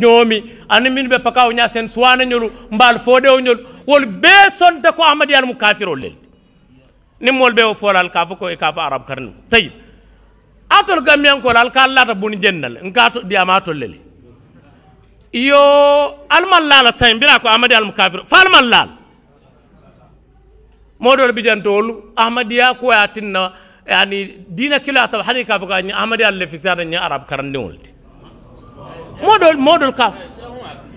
ñoomi ani min ɓe pakaw ña sen suwanañolu mbaal fooɗewoñol wol bee sonta ko ahmad ahmadiyal mu kafirol lel nimmol ɓe o foolal ka fo ko e ka fo arabe karni tayib atol gammiyankol al ka lata boni jennal nka to diyama lele yo alman laala sañ mbira ko ahmad ahmadi almu kafir fa alman laal moɗol bijantowol ahmadiya koya tinna yani dina kilo a tawa hani ka fo ko ahmadi al le fisiada ni arab karandiŋol wolti modol modol kaf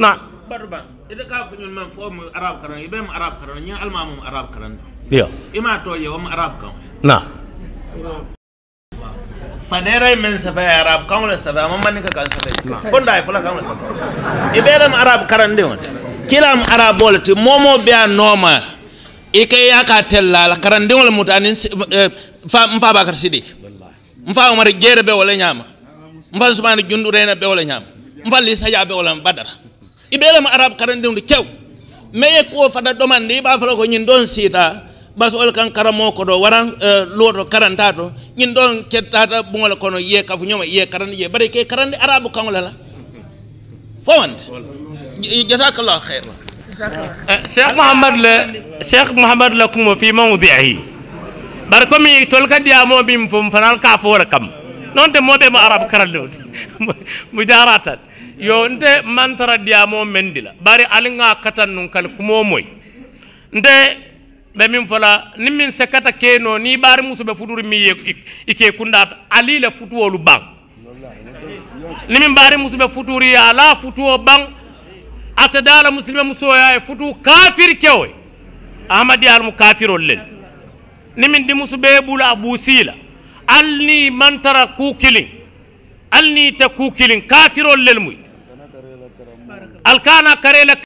na barba ida kaf ñun man form arab karan ibe mu arab karan ni alma mu arab karan yo ima to ye wam arab kan na Fanera men sa arab kan la sa mama man ka kan sa fa fonda fo la kan la sa ibe ram arab karan de Kila arab bol tu, momo be noma ike ya ka tella la karan de wol mutanin eh, fa mfa bakar sidik mfa umar jere be nyama mfa sumani jundu rena be wale nyama valli sayaɓe olan badara arab arabe karandiwde kew meye ko fada ɗomande ba fala ko ñin ɗon siita ɓasol kan karamo ko do waran lodo karanta nyin don ketata kettata ɓugol kono ye kafu nyoma ye karande ye bare ke karande arab kaŋolala fowante la heir cheikh mouhamad le cheikh mouhamad la kumo fi mawdiahi bar comme tol kadi yamo min fom fanal ka fowora kam noon te moɓe mo arabe karandewde mo yo nte mantara diyamo men dila bari alinga katan nun kal kumo moy nte be min fola ni min se kata keno ni bari musu be fuduri mi ye ike kunda ali la futuwolu bang ni min bari musu be futuri ala futu futuwo bang ata dala muslima muso ya e futu kafir kewe amadi al mukafirol len ni min di musu be bula abusila alni mantara ku kilin alni ta ku kilin kafirol lel muy alkana karela